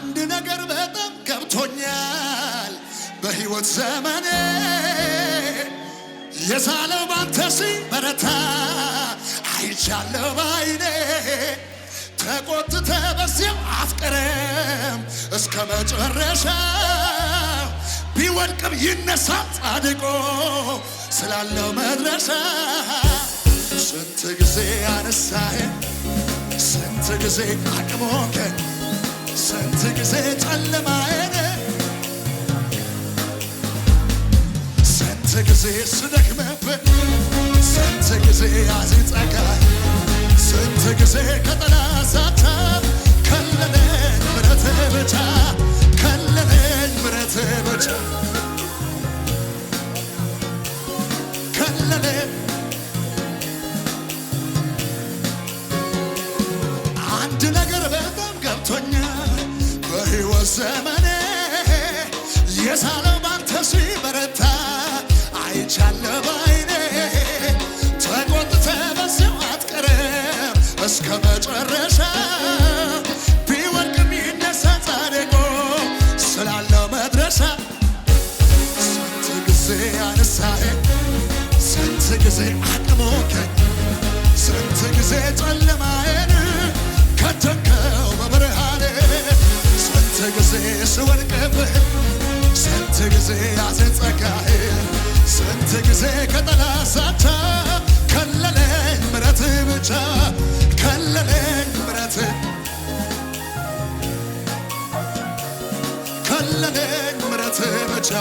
አንድ ነገር በጣም ገብቶኛል በህይወት ዘመኔ የሳለው ባንተ ሲበረታ አይቻለው ባይኔ ተቆጥተ በዚያው አፍቅረም እስከ መጨረሻ ቢወድቅም ይነሳ ጻድቆ ስላለው መድረሻ ስንት ጊዜ አነሳህ ስንት ጊዜ አቅሞከን ስንት ጊዜ ጨለማዬን ስንት ጊዜ ስደክምብህ ስንት ጊዜ ያዜ ስንት ጊዜ ጊዜ አድሞከኝ ስንት ጊዜ ጨለማዬን ከተንከው በብርሃኔ ስንት ጊዜ ስወድቅብህ ስንት ጊዜ አዘጸጋዬ ስንት ጊዜ ከጠላት ሳታ ከለለኝ ምሕረትህ ብቻ ከለለኝ ምሕረትህ ከለለኝ ምሕረትህ ብቻ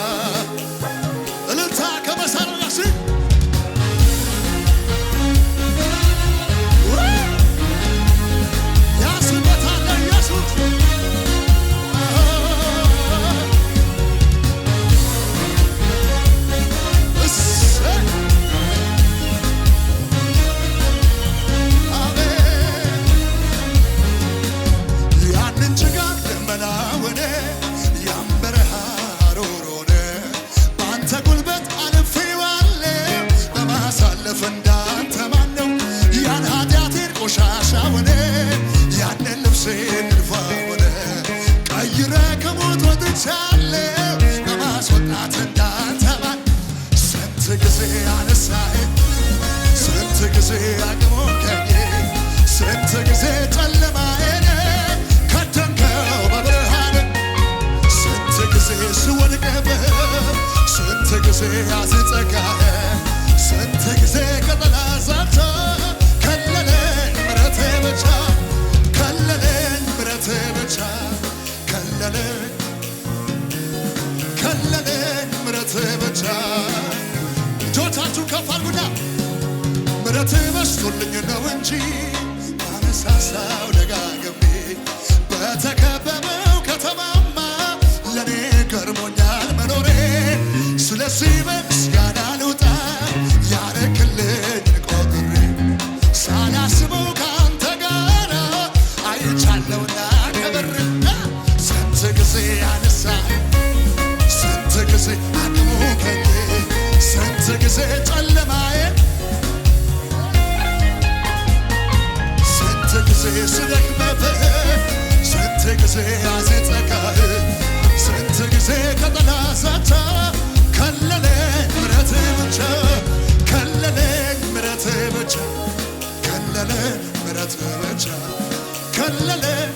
የኢሳያስ ስንት ጊዜ ቀጠና ዛቻ ከለለኝ ምሕረቴ ብቻ ከለለኝ ምሕረቴ ብቻ ከለለኝ ከለለኝ ምሕረቴ ብቻ እጆቻችሁ ከፍ በስቶልኝ ነው እንጂ አነሳሳው ደጋግም ጊዜ አሴጸካ ስንት ጊዜ ከጠላት ዛቻ ከለለ ምረት ብቻ ከለለኝ ምረት ብቻ ከለለኝ ምረት ብቻ ከለለኝ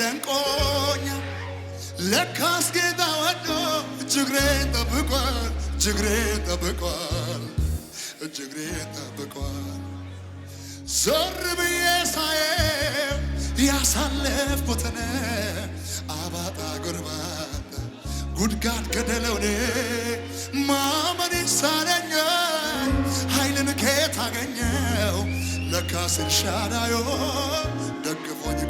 ደንቆኛ ለካስ ጌታ ወዶ ችግሬን ጠብቋል፣ ችግሬን ጠብቋል፣ ችግሬን ጠብቋል። ዞር ብዬ ሳየው ያሳለፍኩትን አባጣ ጎርባታ ጉድጋድ ገደለውኔ ማመን ይሳነኛል። ኃይልን ከየት አገኘው? ለካስ ኤልሻዳዮ ደግፎኝ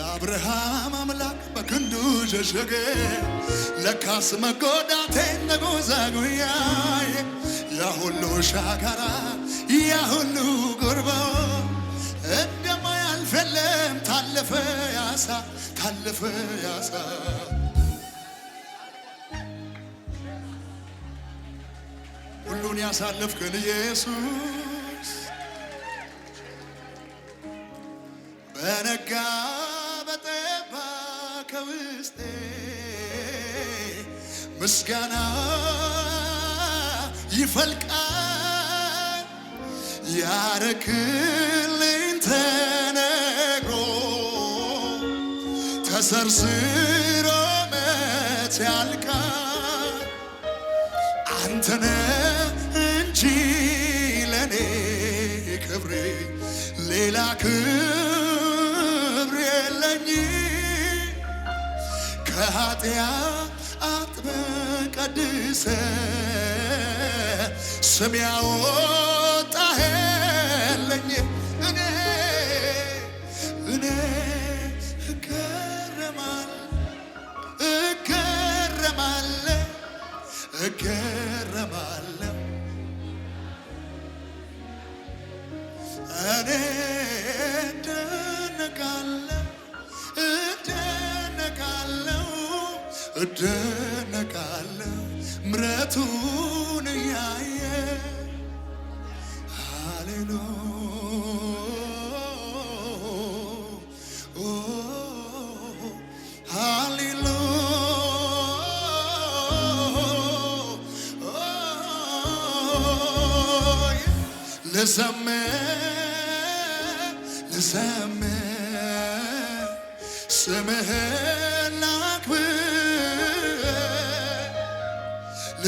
የአብርሃም አምላክ በክንዱ ሸሸገ ለካስ መጎዳቴ ነጎዛጉያዬ ያሁሉ ሻጋራ ያሁሉ ጉርባ እንደማያልፈለም ታለፈ ያሳ ታለፈ ያሳ ሁሉን ያሳለፍከን ኢየሱስ በነጋ ምስጋና ይፈልቃል ያረክልኝ ተነግሮ ተሰርስሮ መች ያልቃል አንተነ እንጂ ለኔ ክብሬ ሌላ ክብር የለኝ ከኃጢያ አጥበ ቀድሰ ስም ያወጣኸኝ እኔ እኔ እገረማል እገረማል እገረማል እኔ እደነቃል እደነቃለሁ ምረቱን እያየ ሃሌሉ ሃሌሉ ለዘመ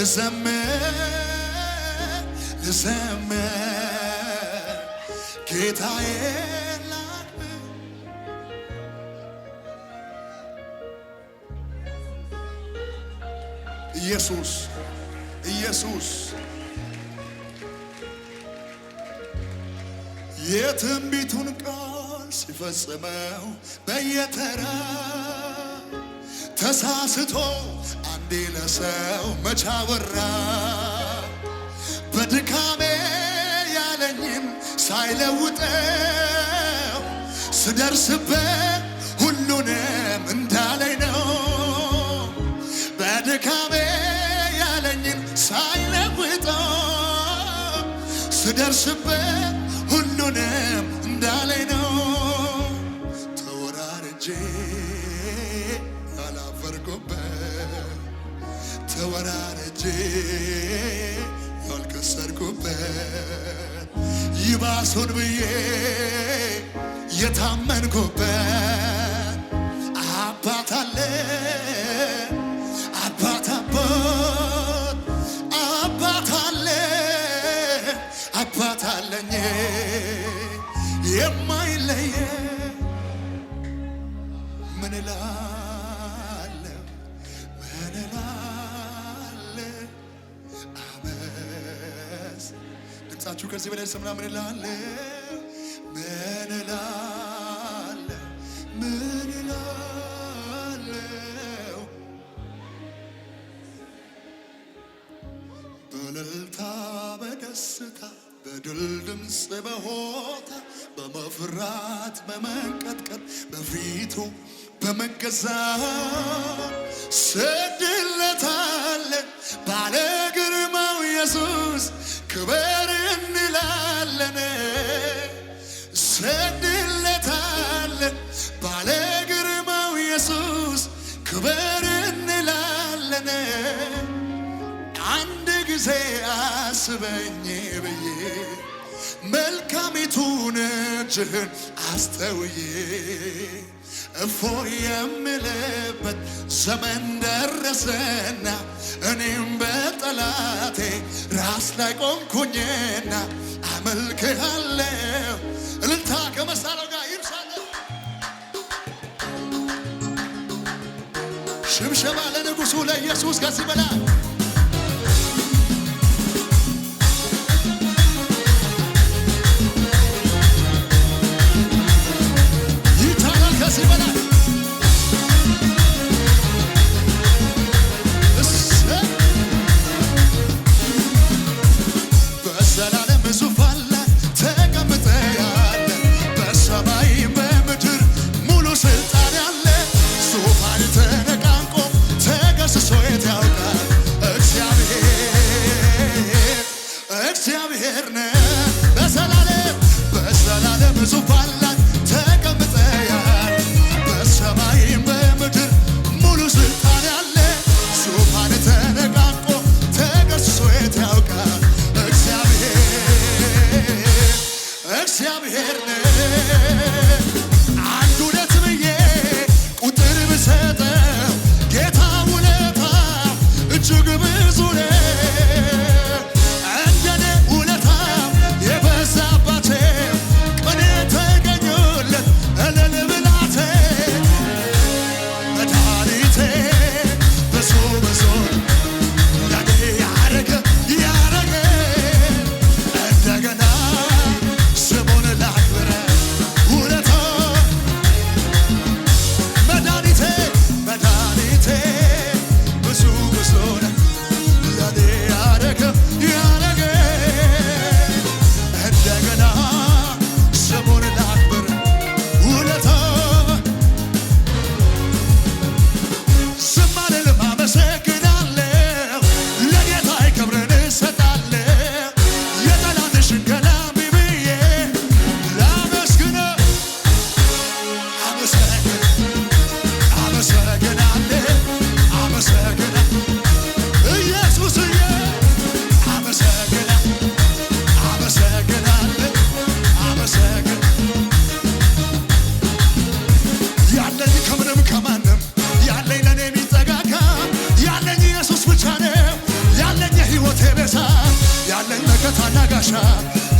ልዘምር ልዘምር ጌታዬ ኢየሱስ ኢየሱስ የትንቢቱን ቃል ሲፈጽመው በየተራ ተሳስቶ አንዴ ለሰው መቻወራ በድካሜ ያለኝን ሳይለውጠው ስደርስበት ሁሉንም እንዳለኝ ነው። በድካሜ ያለኝን ሳይለውጠው ስደርስበት በእውነታችሁ ከዚህ በላይ ስምና ምን ላለ ምን ላለ ምን ላለው በልልታ በደስታ በድል ድምፅ በሆታ በመፍራት በመንቀጥቀጥ በፊቱ ሰ ጊዜ አስበኝ ብዬ መልካሚቱን እጅህን አስተውዬ እፎ የምልበት ዘመን ደረሰና እኔም በጠላቴ ራስ ላይ ቆምኩኝና አመልክሃለሁ። እልልታ ከመሳሪያው ጋር ይርሳለሁ። ሽብሸባ ለንጉሱ ለኢየሱስ ከዚህ በላይ Спасибо, да. yeah.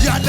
ያለ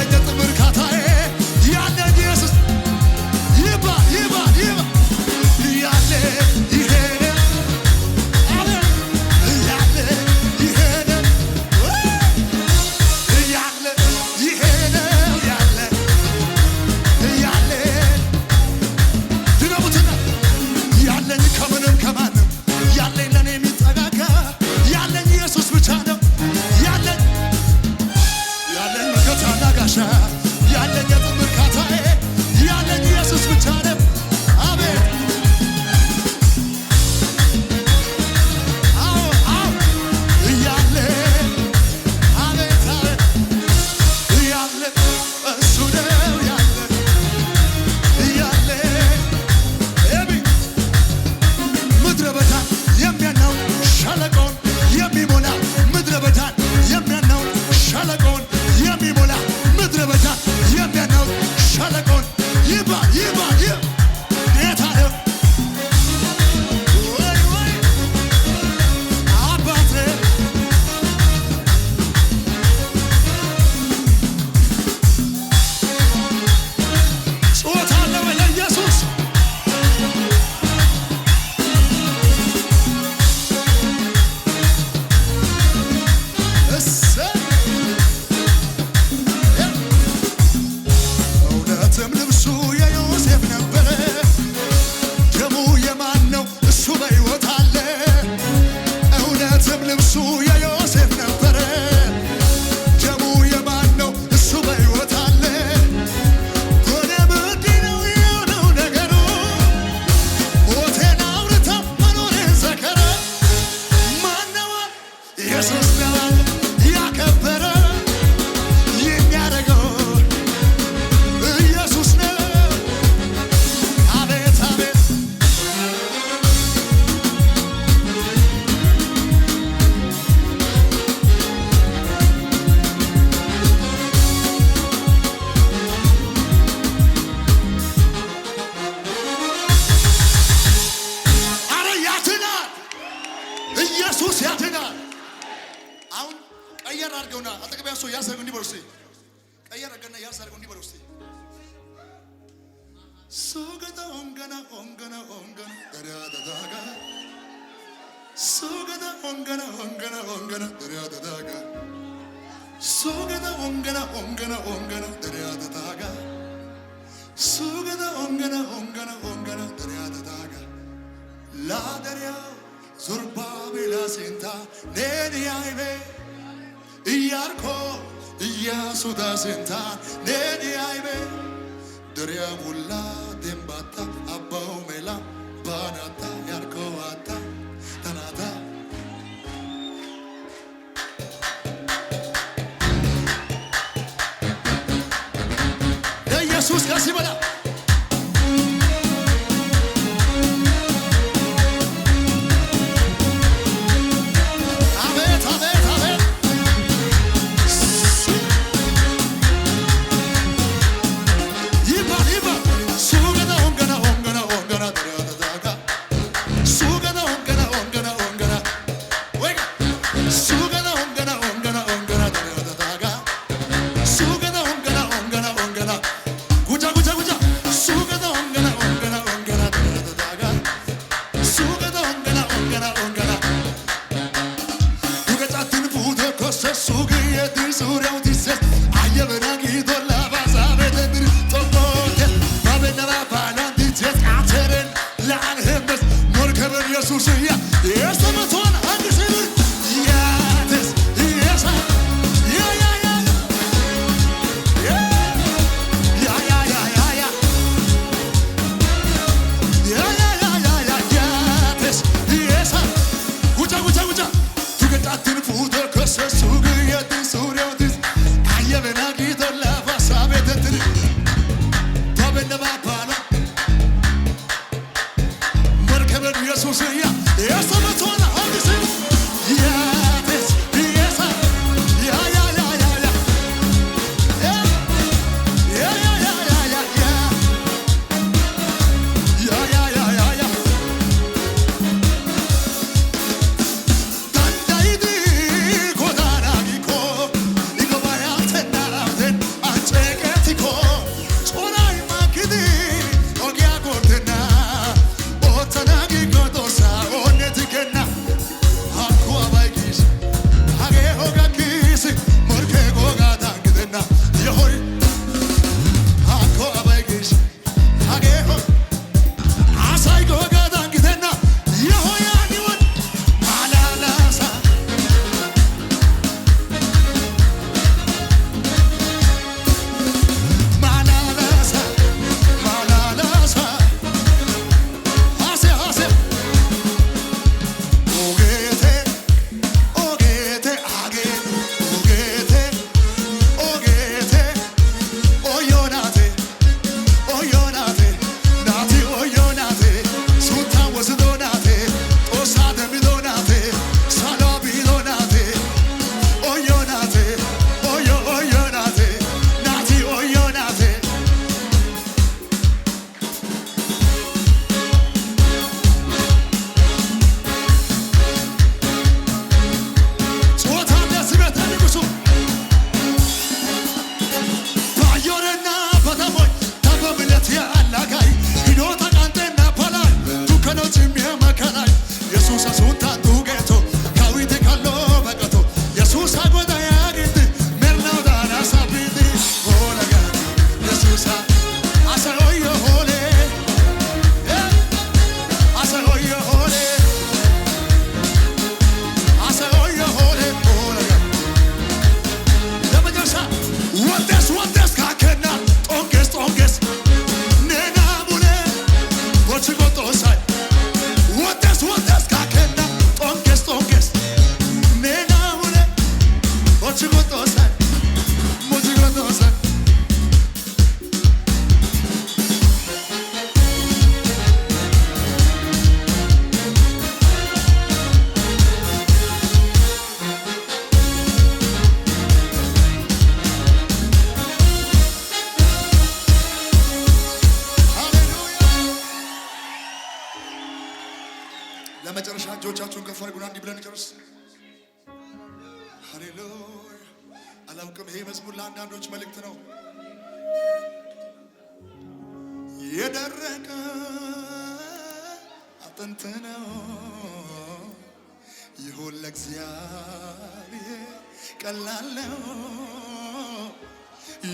சோகத ஒங்கன ஒங்கன ஒங்கன தெரியாததாக சோகத ஒங்கன ஒங்கன ஒங்கன தெரியாததாக சோகத ஒங்கன ஒங்கன ஒங்கன தெரியாததாக லாதரியா ዙርባቤላ ሴንታ ኔንያይቤ ኢያርኮ ኢያሱዳ ሴንታ ኔንያይቤ ድሪያ ሙላ ደንባታ ሃሌሉያ። አላውቅም፣ ይሄ መዝሙር ለአንዳንዶች መልእክት ነው። የደረቀ አጥንት ነው ይሁን ለእግዚአብሔር ቀላል ነው።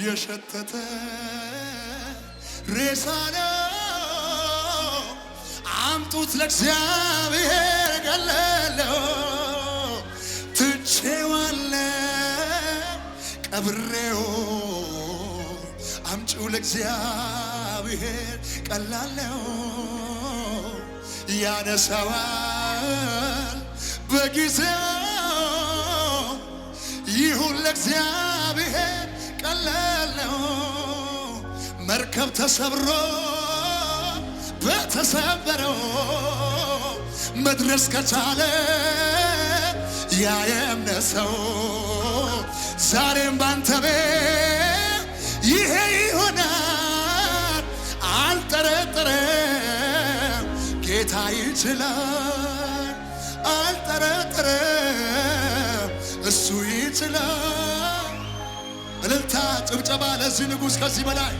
የሸተተ ሬሳ ነው አምጡት ለእግዚአብሔር ቀላል ነው። ቀብሬው አምጪው ለእግዚአብሔር ቀላለው ያነሳዋል በጊዜው ይሁን ለእግዚአብሔር ቀላለው መርከብ ተሰብሮ በተሰበረው መድረስ ከቻለ ያየምነ ሰው ዛሬም ባንተ ቤት ይሄ ይሆናል። አልጠረጠረም ጌታ ይችላል። አልጠረጠረም እሱ ይችላል። እልልታ ጭብጨባ ለዚህ ንጉሥ ከዚህ በላይ